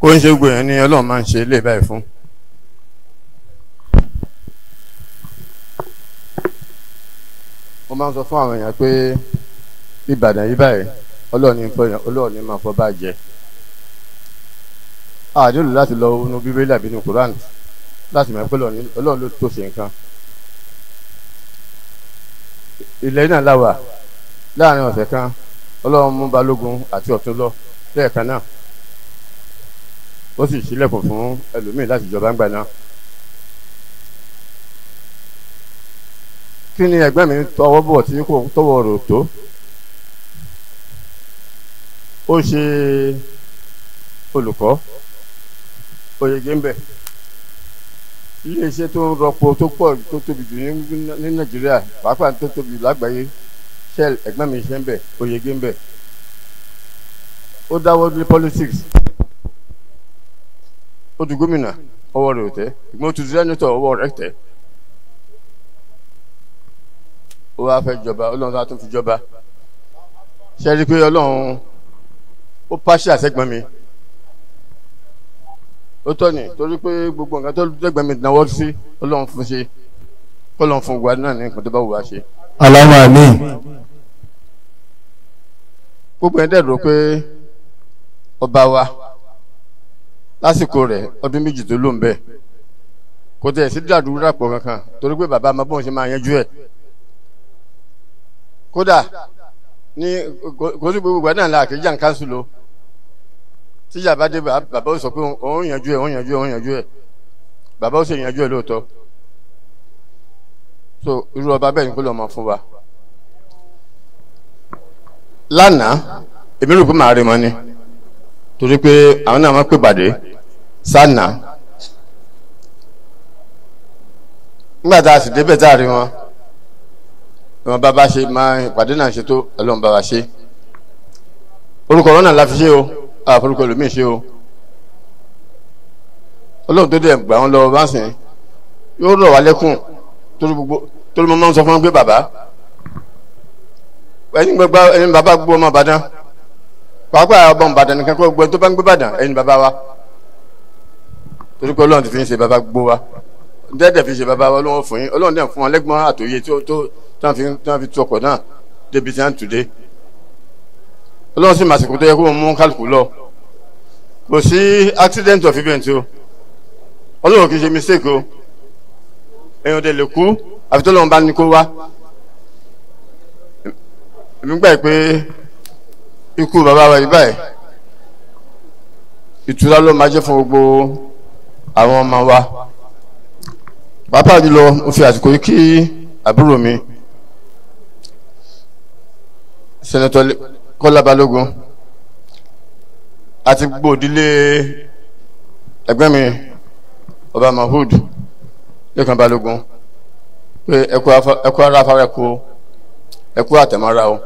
ó ń ṣe gbogbo èèyàn ni ọlọ́run máa ń ṣe ilé báyìí fún. mo máa ń sọ fún àwọn èèyàn pé ìbàdàn yìí báyìí ọlọ́run ní fọ èèyàn ọlọ́run ní máa fọ bàjẹ́. àdéhùn láti lọ inú bíbélì àbí inú koran láti mọ̀ pé ọlọ́run ló tó ṣe nǹkan. ilẹ̀ náà láwà láàrin ọ̀sẹ̀ kan ọlọ́run mú balógun àti ọ̀tún lọ lẹ́ẹ̀kan náà. ó sì sílẹ̀kùn fún ẹlòmíì láti jọba ńgbà náà. kí ni ẹgbẹ́ mi tọwọ́ bọ̀ tí kò tọwọ́ rò tó ó ṣe olùkọ́ oyègé ń bẹ̀ iléeṣẹ́ tó ń rọpo tó pọ̀ tó tóbi jù ní nàìjíríà pàápàá tó tóbi lágbàáyé shell ẹ̀gbọ́n mi ṣe ń bẹ̀ oyègé ń ó dáwọ́ ní politics ó di gómìnà ọwọ́ rẹ̀ ò tẹ́ ìgbọ́n tuntun sẹ́nitọ̀ ọwọ́ rẹ̀ tẹ́ ó wá fẹ́ jọba ọlọ́run tó tún fi jọba ṣe rí i pé ọlọ́run ó pàṣẹ àṣẹgbọ́n mi ó tọ́ ni torí pé gbogbo nǹkan tó dẹ́gbọ́n mi náwó sí ọlọ́run fún ṣe kọ́lọ́run fún wa náà ní nǹkan tó bá wù wá ṣe. aláwọ̀ àmì. gbogbo ẹ̀ dẹ̀ rò pé ọba wa lásìkò rẹ̀ ọdún méjì tó lò ń bẹ̀ kò tẹ̀ sí dàdúrà pọ̀ kankan torí pé bàbá máa bọ́n ṣe máa yanjú ẹ̀ kódà ní kò sí gbogbo ìgbà náà la àkéjà ń káńsù lọ tíjà bá dé bàbá ó sọ pé òun yanjú ẹ̀ òun yanjú ẹ̀ òun yanjú ẹ̀ bàbá ó sì yanjú ẹ̀ lóòótọ́ so irú ọba bẹ́ẹ̀ ni kó lọ́ mọ fún wa lánàá èmi rò pé màá rí mọ́ ni torí pé àwọn náà máa pè pàdé sanna nígbà tá a sì débẹ̀ tá a rí wọn wọn bá bá ṣe máa ìpàdé náà ṣe tó ọlọ́run bá wa ṣe orúkọ ọ̀rọ̀ náà la fi ṣe o àforúkọ ẹlòmíì ṣe o ọlọ́run tó dẹ̀ gbà wọn lọ bá sìn yóò rọ̀ wá lẹ́kùn torí gbogbo sọ fún wọn pé bàbá ẹni gbogbo ẹni bàbá gbogbo ọmọ Ìbàdàn pàápàá ọmọ Ìbàdàn nìkan kó gbogbo ẹni tó bá ń gbé Ìbàdàn ẹni bàbá wa torí pé ọlọ́run ti fi ń ṣe bàbá gbó wa dẹ́dẹ̀ fi ṣe bàbá wa ọlọ́run fún yín ọlọ́run dẹ̀ fún wọn lẹ́gbọ́n àtòyé tó tó tán fi tán fi tu ọkọ̀ náà débi tí wọ́n tù dé ọlọ́run sì màsìkò tó yẹ kó mú kálukú lọ kò sí accident of event o ọlọ́run kì í ṣe mistake o èèyàn dẹ̀ lè kú àfi tó lọ́run bá ní kó wá èmi gbà pé ikú bàbá wa yìí báyìí ìtura ló máa jẹ́ fún gbogbo àwọn ọmọ wa pàápàá jùlọ mo fi àsìkò yìí kí àbúrò mi sẹ́nẹ́tọ̀ Kọ́lá Balógun àti gbogbo ìdílé ẹgbẹ́ mi ọba Mahood Lẹ́kan Balógun pé ẹkú ara afárá ẹkú ẹkú àtẹ̀mọ́ra o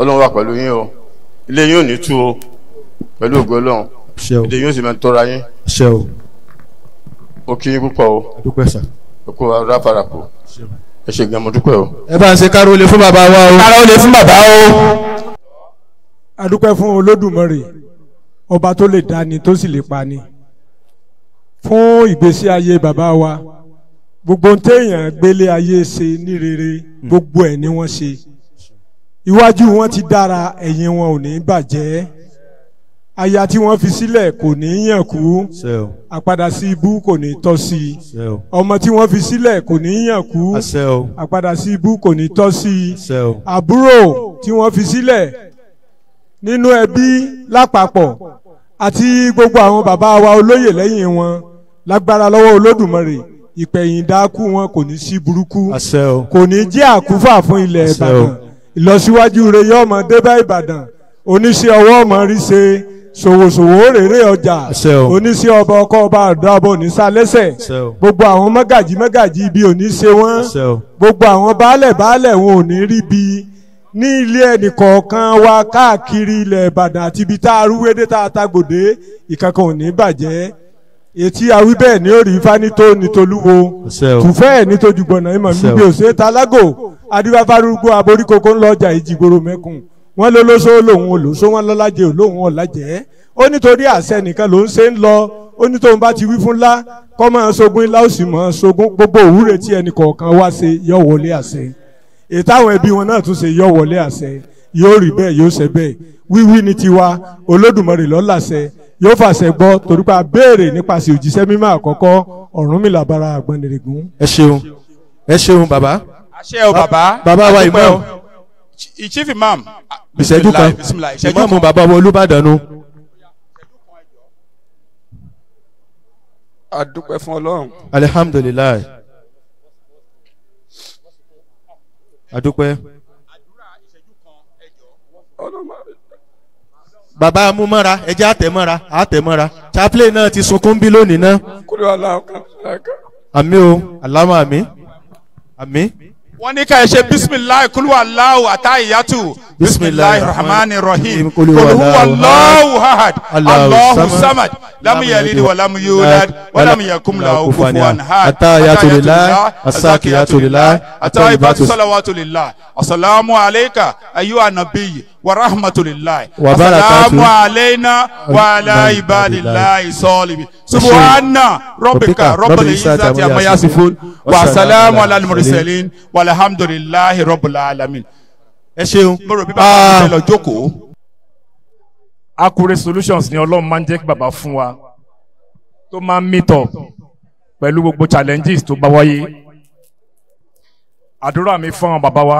Ọlọ́run wà pẹ̀lú yín o ilé yín ò ní tú o pẹ̀lú ògo Ọlọ́run èdè yín ò sì máa tọ́ra yín mo kí púpọ̀ o. dúpẹ́ sà. oko ráfarapò ẹ ṣe gan mo dúpẹ́ o. ẹ bá ń ṣe káró lè fún bàbá wa o. káró lè fún bàbá o. a dúpẹ́ fún olódùmarè ọba tó lè dáni tó sì lè pani fún ìgbésí ayé bàbá wa gbogbo téèyàn gbélé ayé ṣe ní rere gbogbo ẹ̀ ni wọ́n ṣe iwájú wọn ti dára ẹ̀yìn wọn ò ní bàjẹ́ aya tí wọ́n fi sílẹ̀ kò ní í yàn kú àpadà sí ibú kò ní í tọ́ sí i ọmọ tí wọ́n fi sílẹ̀ kò ní í yàn kú àpadà sí ibú kò ní í tọ́ sí i àbúrò tí wọ́n fi sílẹ̀ nínú ẹbí lápapọ̀ àti gbogbo àwọn bàbá wa olóyè lẹ́yìn wọn lágbára lọ́wọ́ Olódùmarè ìpẹ̀yìn dákú wọn kò ní sí burúkú kò ní jẹ́ àkúfà fún ilẹ̀ Ìbàdàn ìlọsíwájú rẹ̀ yóò máa dé Ìbàdàn oníṣẹ́ ọwọ́ máa rí ṣe ṣòwòṣòwò rèrè ọjà oníṣẹ́ ọba ọkọ ọba àdúràbọ̀ oníṣàlẹ́sẹ̀ gbogbo àwọn mọ́gàjí mọ́gàjí ibi ò ní ṣe wọ́n gbogbo àwọn baálẹ̀ baálẹ̀ wọn ò ní rí bi ní ilé ẹnìkọ̀ọ̀kan wa káàkiri ilẹ̀ ìbàdàn àti ibi tá a rúwédé tá a tagbòdé ìkankan ò ní bàjẹ́ ètí awí bẹ́ẹ̀ ni ó rí fanitó nítolúwo tùfẹ́ nítojú gbọ̀nà ìmọ̀ mi bí òṣèta lágò adíbáfárúgbó aboríkoko ńlọ ọjà ìjìgboro mẹ́kùn wọ́n lólóso lòun olóso wọ́n lọ́lájẹ lòun ọ̀làjẹ́ ó nítorí àṣẹ nìkan ló ń ṣe ń lọ ó ní tóun bá ti wí fún ńlá kọ́ máa sogún ńlá ó sì máa sogún gbogbo òwúrẹ̀ tí ẹnì kọ̀ọ̀kan wá ṣe yọ wọlé àṣẹ ètàwọn ẹbí wọn náà tún ṣe yọ wọlé àṣẹ yóò rí bẹ́ẹ̀ yóò ṣe bẹ́ẹ̀ wíwí ni tiwa olódùmarè lọ́làṣẹ yóò fàṣẹ gbọ́ torí béèrè nípasẹ̀ òjíṣẹ́ mímọ́ àkọ́kọ́ Ọ̀rúnmìlà bara àgbọnnìrègún. ẹ ṣeun ẹ ṣeun bàbá. àṣẹ o bàbá. bàbá wa ìmọ̀ chief imam. ìṣẹ́jú kan ìmọ̀ọ́mù bàbá wa olùbàdàn nu. adúpẹ́ fún ọlọ́run. alihamdulilayi. adúpẹ́. bàbá amúmọ́ra ẹjẹ́ àtẹ̀mọ́ra àtẹ̀mọ́ra chaplain náà ti sunkún bí lónìí náà. kúrò aláwọ̀ kan. àmì o aláwọ̀ àmì àmì wọ́n ní ká ẹ ṣe bisimilayi kúlúwà láwù àtàyàtù bisimilahi rahmani rahim olùwàlọ́wù ahad alahu samad lamu yalidi wa lamu yulad wa lamu yakum lahu kufuwan ahad atayatulila asakiyatulila atayibatu salawatulila asalaamu alayka ayu anabiyi wa rahmatulila asalaamu alayna wa ala ibadillahi salibi subhana rabbika rabbil izzati amma yasifun wa salaamu ala al mursalin walhamdulillahi rabbil alamin ẹ ṣeun. mo rò bí bàbá mi fẹ́ lọ ah. jókòó. Akure solutions ni Ọlọ́run máa ń jẹ́ kí bàbá fún wa tó máa ń meet up gbogbo challenges tó bá wáyé. àdúrà mi fún àwọn bàbá wa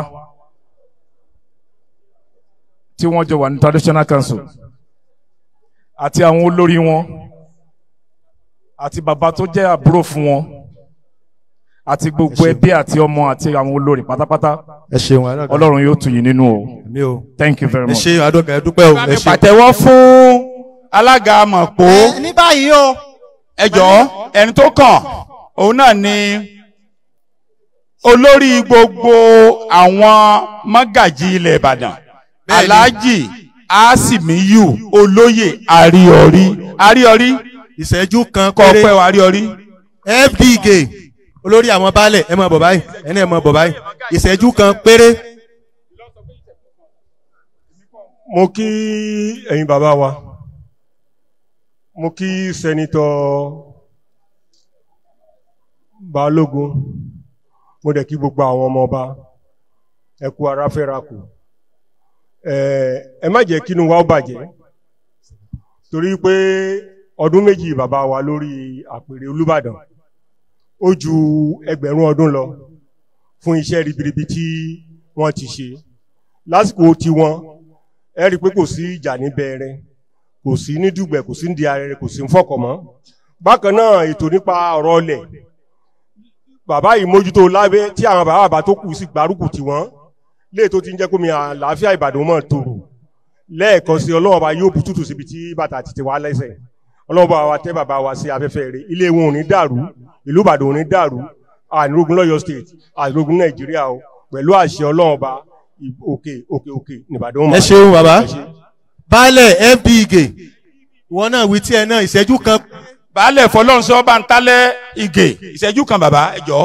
tí wọ́n jọ wà ní traditional council àti àwọn olórí wọn àti baba tó jẹ́ àbúrò fún wọn àti gbogbo ẹbí àti ọmọ àti àwọn olórí pátápátá ọlọ́run yóò tù yín nínú o thank you very much. ẹ ṣe àdọ́gà ẹdúpẹ́ o ẹ ṣe. pàtẹ́wọ́ fún alága mọ̀pó. ní báyìí o. ẹ jọ̀ọ́ ẹni tó kàn òun náà ni olórí gbogbo àwọn mọ́gàjì ilẹ̀ ìbàdàn aláàjì àásìmíyù olóyè àríọrí àríọrí ìṣẹ́jú kan kọ́ pẹ́ wá àríọrí. fdg olórí àwọn baálẹ̀ ẹ mọ bọ̀ báyìí ẹni ẹ mọ bọ̀ ìṣẹ́jú kan péré. mo kí ẹ̀yin bàbá wa mo kí sẹ́nitọ́ Balógun mo dẹ̀ kí gbogbo àwọn ọmọ ọba ẹ kú ara fẹ́ra kù ẹ má jẹ́ kínú wa ó bàjẹ́ torí pé ọdún méjì bàbá wa lórí àpèrè Olúbàdàn ó ju ẹgbẹ̀rún ọdún lọ fún iṣẹ́ ribiribi tí wọ́n ti ṣe lásìkò tiwọn ẹ rí i pé kò sí ìjà níbẹ̀ rẹ kò sí ní dùgbẹ̀ kò sí ní di arẹrẹ kò sí ní fọkànmọ́ bákan náà ètò nípa ọ̀rọ̀ ọlẹ̀ bàbá yìí mójútó lábẹ́ tí àwọn bàbá bàbá tó kù sí gbárùkù tiwọn lè tó ti ń jẹ́ kómi àlàáfíà Ìbàdàn mọ̀ tòrò lẹ́ẹ̀kan sí Ọlọ́run bá yóò bùtùtù síbi tí bàtà ti ti wá lẹ́sẹ̀ ọlọ́ba wa tẹ́ bàbá wa sí afẹ́fẹ́ rẹ̀ ilé wọn ò ní dàrú ìlú Ìbàdàn ò ní dàrú àìrógun lọ́yọ̀ state àìrógun Nàìjíríà o pẹ̀lú àṣẹ Ọlọ́run ba òkè òkè òkè nìbàdàn mọ̀. ẹ ṣeun bàbá baálẹ̀ FB Ige ìwọ náà wí tí ẹ náà ìṣẹ́jú kan. baálẹ̀ fọlọ́nsọ bá ń talẹ̀ Ige ìṣẹ́jú kan bàbá ẹ jọ.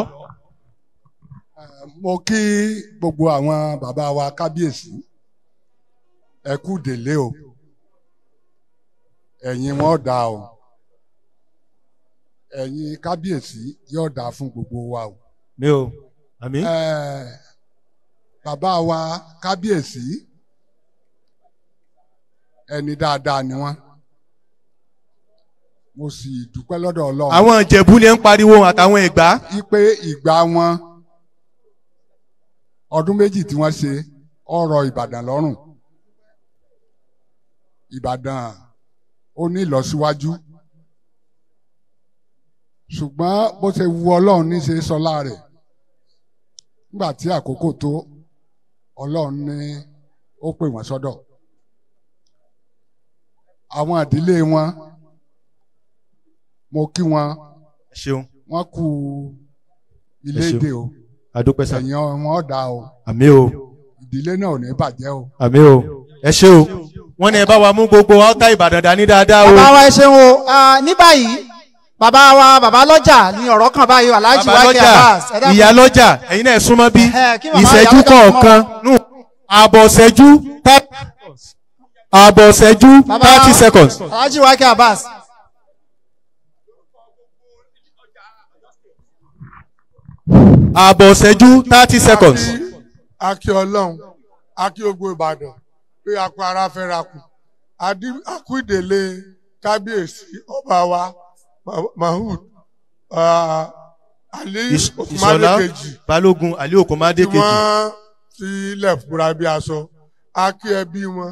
mo kí gbogbo àwọn bàbá wa kábíyèsí ẹ kú délé o ẹ̀yin wọn da o ẹ̀yin kábíyèsí yóò dà fún gbogbo wa o. mi o àmín. ẹẹ bàbá wa kábíyèsí ẹni dáadáa ni wọ́n mo sì dúpẹ́ lọ́dọ̀ Ọlọ́run. àwọn ìjẹ̀bú ni ẹ ń pariwo àtàwọn ìgbà. ipe ìgbà wọn ọdún méjì tí wọ́n ṣe ọ̀rọ̀ Ìbàdàn lọ́rùn Ìbàdàn ó ní ìlọsíwájú ṣùgbọ́n bó ṣe wu ọlọ́run ní ṣe sọlá rẹ̀ nígbà tí àkókò tó ọlọ́run ní ó pè wọ́n sọ́dọ̀ àwọn àdílé wọn mo kí wọn wọn kú ilé o ẹ̀yìn wọn ọ̀dà o àmín o ìdílé náà ò ní bàjẹ́ o àmín o ẹ ṣé o wọ́n ní ẹ bá wa mú gbogbo ọ́tá ìbàdàn dání dáadáa o. bàbá wa ẹ ṣeun o ní báyìí bàbá wa bàbá lọ́jà ni ọ̀rọ̀ kan báyìí aláàjì wa kí abas. ìyá lọ́jà ẹ̀yin náà súnmọ́ bí ìṣẹ́jú kọ̀ọ̀kan àbọ̀ ṣẹ́jú àbọ̀ thirty seconds. aláàjì wa kí abas. thirty seconds. a kí Ọlọ́run a kí ogun Ìbàdàn pé akọ ara fẹ́ kù akú ìdèlé kábíyèsí ọba wa mahood ali okumadekeji balógun ali okumadekeji tí wọ́n ti ilẹ̀ fúra bí aṣọ akí ẹbí wọn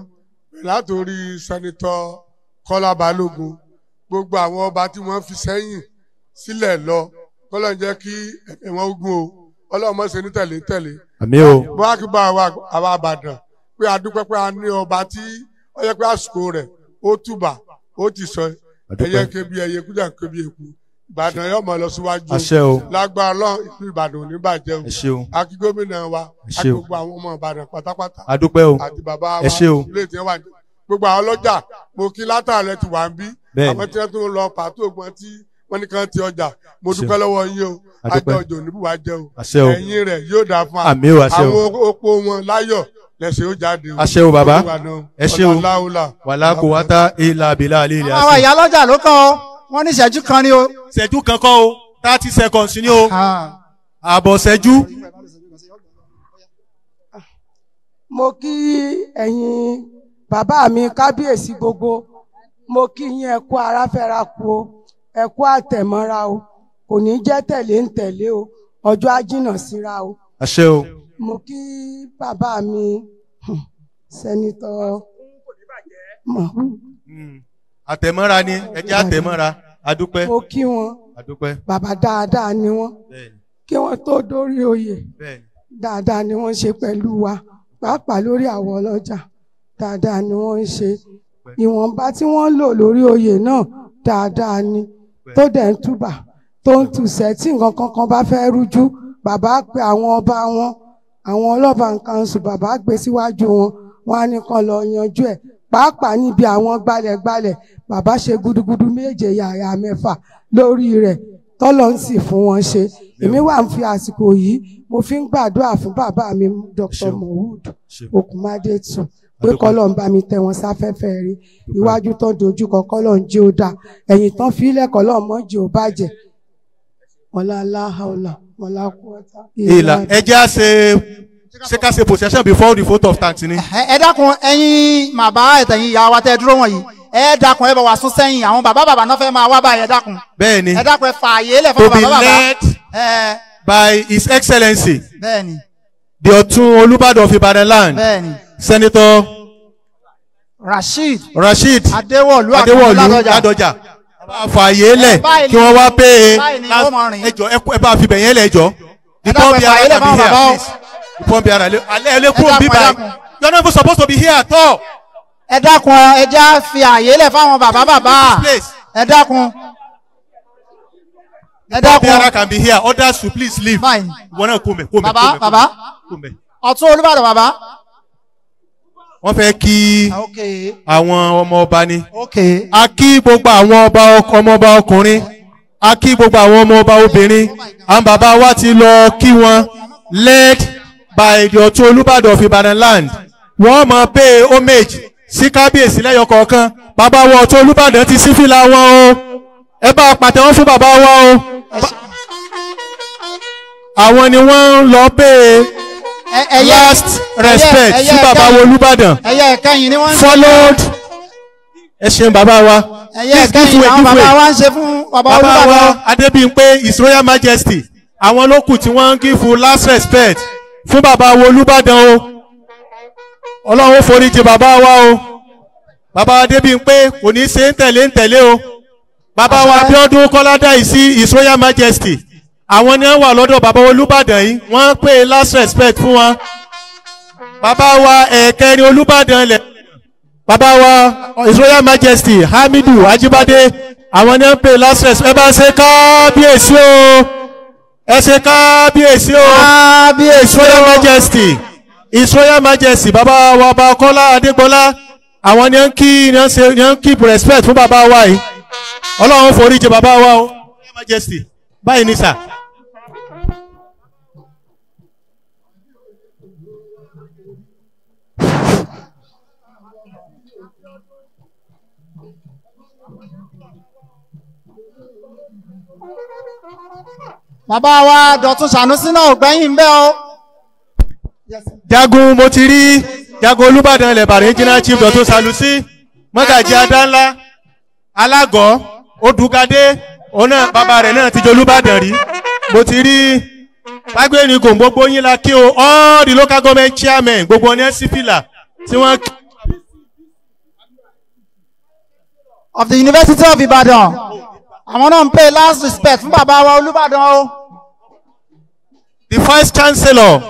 látòrí sẹ́nitọ́ kọ́lá balógun gbogbo àwọn ọba tí wọ́n fi sẹ́yìn sílẹ̀ lọ kọ́lọ́n jẹ́ kí ẹ̀wọ̀n ogun o ọlọ́run mọ̀ tẹ̀lé tẹ̀lé. àmín o. bó akíbọ̀ àwa àbàdàn pé a dúpẹ́ pé a ní ọba tí ó yẹ pé àsìkò rẹ̀ ó túbà ó ti sọ ẹyẹ kébi ẹyẹ kújà kébi èkú ìbàdàn yóò máa lọ síwájú lágbára Ọlọ́run ìlú ìbàdàn ò ní bàjẹ́ o akí gómìnà wa akí gbogbo àwọn ọmọ ìbàdàn pátápátá àti bàbá wa ilé ìtẹ́ wà ní gbogbo àwọn ọlọ́jà mo kí látàlẹ́ ti wà ń bí àwọn tí wọ́n lọ pàtó ògbọ́n tí wọ́n ní kàn ti ọjà mo dúpẹ́ lọ́wọ́ yín o àjọ òjò níbùwà jẹ́ o ẹ̀yìn rẹ̀ yóò dáa fún wa àwọn opó wọn láyọ̀ lẹ́sẹ̀ ó jáde o. aṣẹ́ o bàbá ẹ o wàlá kò wá tá ilà abilà alẹ́ ilẹ̀ àṣẹ. àwọn ìyá lọ́jà ló kàn ọ́ wọ́n ní ìṣẹ́jú kan ni o. ìṣẹ́jú kan kọ́ o thirty seconds ni o ààbọ̀ ah. ìṣẹ́jú. mo kí ẹ̀yin bàbá mi kábíyèsí gbogbo mo kí yín ẹ kú ara fẹ́ra kú o ẹ kú àtẹ̀mọ́ra o kò ní jẹ́ tẹ̀lé ń tẹ̀lé o ọjọ́ àjìnà síra o. àṣẹ o. mo kí bàbá mi hmm, sẹ́nitọ́ hmm. àtẹ̀mọ́ra ni ẹ jẹ́ àtẹ̀mọ́ra adúpẹ́. mo kí wọn bàbá dáadáa ni wọn kí wọn tó dórí oyè dáadáa ni wọn ṣe pẹ̀lú wa pàápàá lórí àwọn ọlọ́jà dáadáa ni wọn ń ṣe ìwọ̀nba tí wọ́n lò lórí oyè náà dáadáa ni tó dẹ̀ ń túbà tó ń tùsẹ̀ tí nǹkan kankan bá fẹ́ rújú bàbá pe àwọn ọba wọn àwọn ọlọ́ba nǹkan sùn bàbá gbé síwájú wọn wọn á ní kan lọ yanjú ẹ̀ pàápàá níbi àwọn gbalẹ̀gbalẹ̀ bàbá ṣe gudugudu méje yàrá mẹ́fà lórí rẹ̀ tọ́lọ́ ń sì fún wọn ṣe èmi wà ń fi àsìkò yìí mo fi ń gbàdúrà fún bàbá mi Dr. Mohud Okunmadetu pé kọ́lọ̀ bá mi tẹ wọn sáfẹ́fẹ́ rí iwájú tó dojúkọ kọ́lọ̀ ń jẹ́ ó dà ẹ̀yìn tán fílẹ̀ kọ́lọ̀ mọ́ jẹ́ ó bàjẹ́ ìlà ẹjẹ́ á ṣe ṣé ká ṣe possession before the photo of thanks ẹ dákun ẹ̀yin bàbá ẹtẹyin ìyá wa tẹ dúró wọ̀nyí ẹ dákun ẹ bá wa sún sẹ́yìn àwọn bàbá bàbá náà fẹ́ máa wá báyìí ẹ dákun. bẹ́ẹ̀ni ẹ dákun ẹ fààyè lẹ bàbá bàbá. to be led by his excellency. bẹ́ẹ̀ni. the ọ̀tún Olúbàdàn of Ibadan land. bẹ́ẹ̀ni. Senator Rasheed Rasheed Adéwọ̀lú Adéwọ̀lú fààyè lẹ̀ kí wọ́n wá pé e ẹ bá fi bẹ̀yẹn lẹ̀ ẹjọ́ you are not even supposed to be here at all. ẹ dákun ẹ já fi àyè lẹ̀ fáwọn bàbá bàbá ẹ dákun. ẹ dákun ìfọ́n can be here others to please leave. ìwọ náà kò mẹ́ kò mẹ́ ọ̀tún Olúbàdàn bàbá wọ́n fẹ́ kí ah, àwọn ọmọ ọba ni. a kí gbogbo àwọn ọba ọmọ ọba ọkùnrin a kí gbogbo àwọn ọmọ ọba obìnrin àwọn bàbá wa ti lọ kí wọn led by the Ọ̀tún Olúbàdàn of Ibadan land wọ́n máa pay homage sí kábíyèsí lẹ́yọ kọ̀ọ̀kan bàbá wa Ọ̀tún Olúbàdàn ti sífìlà wọn o ẹ bá pàtẹ́wọ́ fún bàbá wa o àwọn ni wọ́n lọ pay last respect sí bàbá wa Olúbàdàn followed ẹ ṣeun Baba wa please give way give way bàbá wa Adébíyìnpé His Royal Majesty àwọn lókù tí wọ́n ń give last respect fún Baba wa Olúbàdàn o Ọlọ́run ó foríjì bàbá wa o Baba Adébíyìnpé kò ní í ṣe ń tẹ̀lé ń tẹ̀lé o bàbá wa Abíọ́dún Kọ́ládàísí His Royal Majesty àwọn ni wọ́n wà lọ́dọ̀ bàbá olùbàdàn yìí wọ́n pè last respect fún wọn bàbá wa ẹ̀ẹ̀kẹrin olùbàdàn lẹ̀ bàbá wa his royal majesty hamidu ajibade àwọn ni wọ́n pè last respect ẹ bá ṣe kábíyèsí o ẹ ṣe kábíyèsí o kábíyèsí royal majesty his royal majesty bàbá wa bá kọ́lá adégbọlá àwọn ni wọ́n kí ni wọ́n keep respect fún bàbá wa yìí ọlọ́run forí jì bàbá wa o royal majesty báyìí ni sà. bàbá wa Dọ̀tun Sànúsí náà ò bẹ́ẹ̀ o. jagun mo ti rí jagun Olúbàdàn ilẹ̀ bàrẹ̀ jìnnà chief Dọ̀tun Sànúsí mọ́gàjì adánlá alágọ̀ odùgadé òun náà bàbá rẹ̀ náà ti jẹ́ Olúbàdàn rí mo ti rí lágbèrè kò gbogbo yín la kí o all the local government chairmen gbogbo ọ̀nà sífìlà tí wọ́n. of the University of Ibadan àwọn náà ń pay last respect fún bàbá wa Olúbàdàn o. the vice chancellor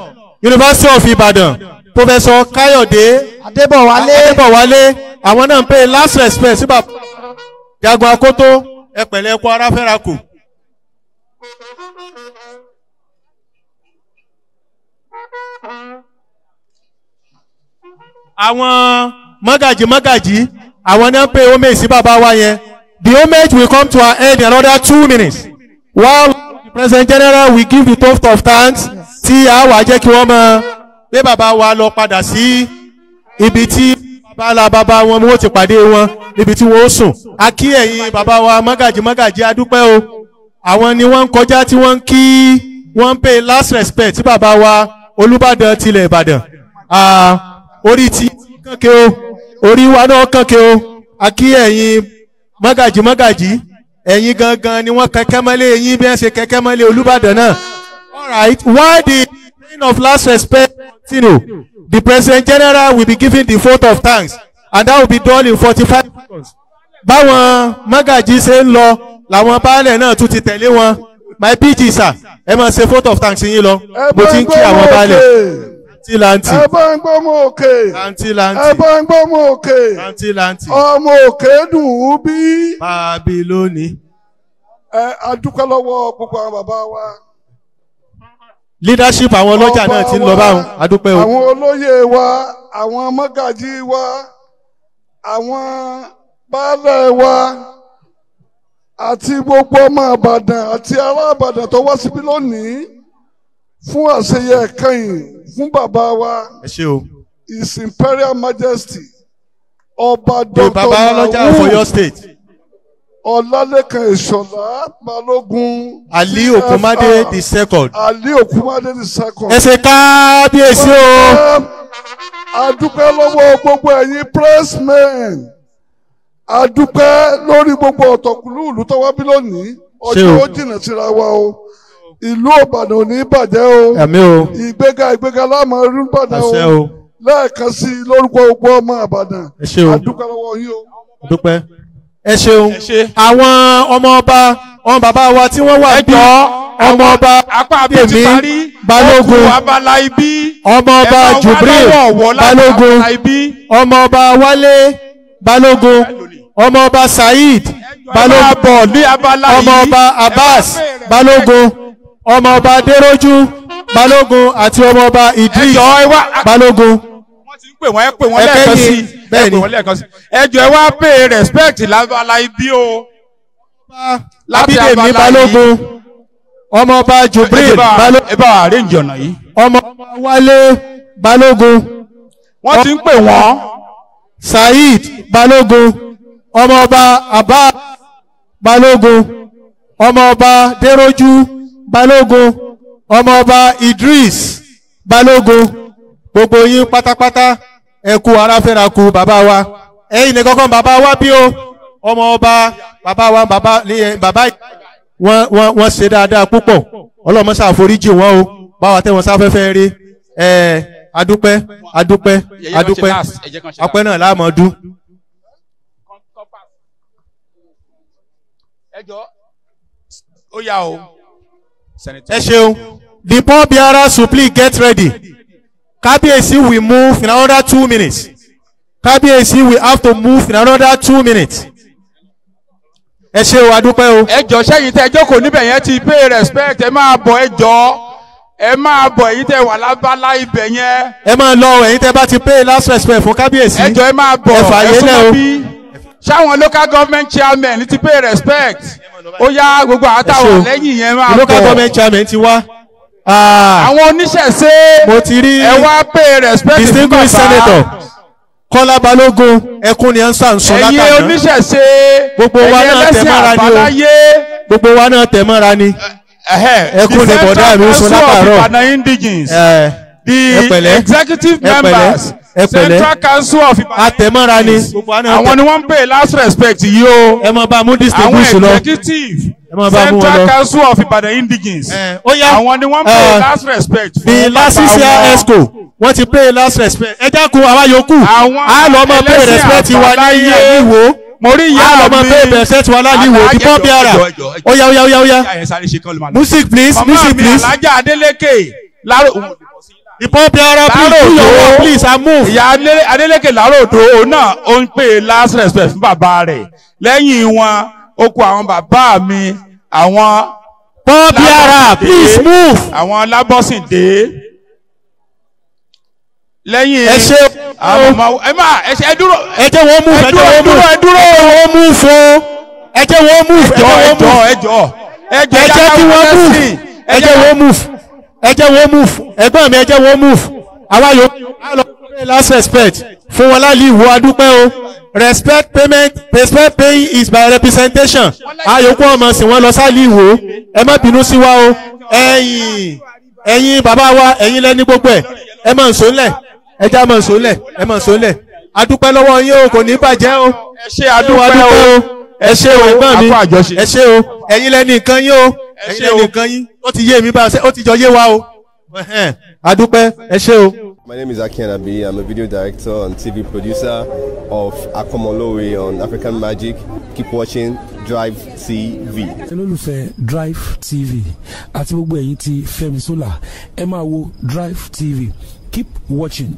University of Ibadan Professor Kayode Adebowale Adebowale àwọn náà ń pay last respect sí bàbá jagun akoto ẹ pẹ̀lẹ́ ẹkọ ara fẹ́ra kù. àwọn mọ́gàjì mọ́gàjì àwọn náà ń pay homage sí bàbá wa yẹn. The homage will come to an end in another two minutes. While the President General will give the toast of thanks tí a wà jẹ́ kí wọ́n mọ pé bàbá wa lọ padà sí ibi tí bàbá bàbá wọn wọ́n ti pàdé wọn níbi tí wọ́n ó sùn. A kí ẹ̀yin bàbá wa mọ́gàjì mọ́gàjì adúpẹ́ o. Àwọn ni wọ́n ń kọjá tí wọ́n ń kí wọ́n ń pay last respect tí bàbá wa Olúbàdàn tilẹ̀ Ìbàdàn. Orí ti kànkè o, orí wa náà kànkè o, a kí ẹ̀yin mọ́gàjì mọ́gàjì ẹ̀yin gangan ni wọ́n kẹ́kẹ́ mọ́lé ẹ̀yin bí wọ́n ṣe kẹ́kẹ́ mọ́lé Olúbàdàn náà. all right why the pain of last respect continue the president general will be giving the vote of thanks and that will be done in forty-five seconds. báwọn mọ́gàjì ṣe ń lọ làwọn baálẹ̀ náà tún ti tẹ̀lé wọn my pg sir ẹ máa ṣe vote of thanks yín lọ mo ti ń kí àwọn baálẹ̀ lantilanti. ẹ bá ń gbọ́ mọ òkè. lantilanti. ẹ bá ń gbọ́ mọ òkè. lantilanti. ọmọ òkè dùn ún bí. babiloni. ẹ adúpẹ́ lọ́wọ́ gbogbo àwọn bàbá wa. leadership àwọn ọlọ́jà náà ti ń lọ báwọn adúpẹ́ o. àwọn olóyè wa àwọn mọ́gàjì wa àwọn baálẹ̀ wa àti gbogbo ọmọ àbàdàn àti ará àbàdàn tó wá síbí lónìí fún àṣeyẹ kẹyìn fún bàbá wa his imperial majesty ọba dr lawu ọlálẹ́kan ìṣọ̀lá balógun ali okumade the second ali okumade the second ẹ ṣe kábíyèsí o. adúpẹ́ lọ́wọ́ gbogbo ẹ̀yin pressmen adúpẹ́ lórí gbogbo ọ̀tọ̀kùlú ìlú tó wá bí lónìí ọjọ́ ó jìnnà síra wa o ìlú ìbàdàn ò ní bàjẹ́ o ìgbéga ìgbéga láàmú rí ìbàdàn o lẹ́ẹ̀kan sí i lórúkọ gbogbo ọmọ ìbàdàn àdúpẹ́ lọ́wọ́ o. dúpẹ́ ẹ ṣeun àwọn ọmọ ọba ọmọ bàbá wa tí wọ́n wà bí ọmọ ọba tèmi balógun ọmọ ọba jubril balógun ọmọ ọba wálé balógun ọmọ ọba saheed balógun ọmọ ọba abbas balógun ọmọọba Dérójú Balógun àti ọmọọba Ìdí Balógun. wọ́n ti ń pè wọ́n ẹ pè wọ́n lẹ́ẹ̀kan sí ẹ pè wọ́n lẹ́ẹ̀kan sí ẹ jọ ẹ wá pè respect lábala ibi o. Lábídèmí Balógun ọmọọba Jubril Balógun ẹ bá wa arrange ọ̀nà yìí. ọmọọba Wálé Balógun. wọ́n ti ń pè wọ́n. Saheed Balógun ọmọọba Abba Balógun ọmọọba Dérójú balógun ọmọọba idris balógun gbogbo yín pátápátá ẹ kú aráfẹ́ra kú bàbá wa ẹ̀yin ní kọ́kọ́ bàbá wa bí o ọmọọba bàbá wa bàbá bàbá wọn wọn wọn ṣe dáadáa púpọ̀ ọlọ́mọ ṣàforíjì wọn o báwa tẹ́ wọn sáfẹ́fẹ́ rí ẹ adúpẹ́ adúpẹ́ adúpẹ́ ọpẹ́ náà láàmọ́dún. ẹ jọ ó yá o ẹ ṣeun the ball bearer should get ready kábíyèsí will move in another two minutes kábíyèsí will have to move in another two minutes ẹ ṣe o adúpẹ́ o. ẹ jọ sẹ́yìn tẹ́ ẹ jókòó níbẹ̀ yẹn ti pay respect ẹ máa bọ̀ ẹ jọ ẹ máa bọ̀ èyí tẹ́ wà lábala ibẹ̀ yẹn. ẹ máa lọ ẹ̀yin tẹ́ bá ti pay last respect fún kábíyèsí. ẹ jọ ẹ máa bọ̀ ẹ súnmọ́ bí sáwọn local government chairman ti pay respect ó yá gbogbo àtàwọn lẹ́yìn yẹn máa bọ̀. local government chairman ti wá. Ah. àwọn oníṣẹ̀ṣe mo ẹ wá pay respect fún bàbá. distinguished senator Kọ́lá Balógun ẹkún ni ansa ń sun látàná. ẹ̀yin oníṣẹ̀ṣe gbogbo wa náà tẹ̀ gbogbo wa náà tẹ̀ mọ́ra ni ẹkún ni bọ̀dá mi ń sun látàárọ̀. Eh. the central council of Ibadan indigents the executive members ẹ central council of ibadan atẹmọra ni àwọn ni wọ́n ń pè last respect yìí o ẹ mọ bá mú distribution lọ àwọn executive central council of ibadan indigents àwọn ni wọ́n ń pè last respect. bí lásìsì esco wọ́n ti pè last respect ẹ jákun àwa yòókù á lọ mọ pè respect wa ní ìwò mo rí ìyá mi á lọ mọ pè respect wa ní ìwò the pop yàrá ó yá ó yá ó yá music please music please. màmá mi alájà adélèké lárò ìbọn bí ara please do your work please i move. ìyá Adeleke Láròdo òun náà ó ń pè last respect fún bàbá rẹ̀ lẹ́yìn wọn ó kó àwọn bàbá mi àwọn. bọ́ bí ara please move. àwọn Lábọ́sìndé lẹ́yìn ẹ ṣe àwọn ọmọ ẹ máa ẹ ṣe ẹ dúró ẹ jẹ́ wọ́n mú ẹ dúró ẹ dúró ẹ dúró ẹ wọ́n mú fún ẹ jẹ́ wọ́n mú ẹ jọ ẹ jọ ẹ jọ ẹ jẹ́ kí wọ́n mú ẹ jẹ́ wọ́n mú ẹ jẹ́ wọ́n múfù ẹ̀gbọ́n mi ẹ jẹ́ wọ́n múfù àwa yòókù á lọ pay last respect fún wọn láàlì ìwọ adúpẹ́ o respect payment respect paying is by representation á yòókù ọmọ sí wọn lọ sáàlì ìwọ ẹ má bínú sí wa o ẹ̀yin ẹ̀yin bàbá wa ẹ̀yin lẹ́ni gbogbo ẹ̀ ẹ mọ̀ nsọ́lẹ̀ ẹ já mọ̀ nsọ́lẹ̀ ẹ mọ̀ nsọ́lẹ̀ adúpẹ́ lọ́wọ́ yín o kò ní bàjẹ́ o ẹ ṣe adúpẹ́ o ẹ ṣe o ẹ̀gbọ́n mi ẹ ṣe o ẹ̀yin lẹni nǹkan yín o ẹ̀yin lẹni nǹkan yín ó ti yé mi bá ó ti jọ yé wa o adúpẹ́ ẹ ṣe o. My name is Akian Abi. I'm a video director and TV producer of Akomolowe on African Magic. Keep watching Drive TV. Olólùfẹ́ Drive TV àti gbogbo ẹ̀yin ti Fẹ́mi Sola ẹ máa wo Drive TV. Keep watching.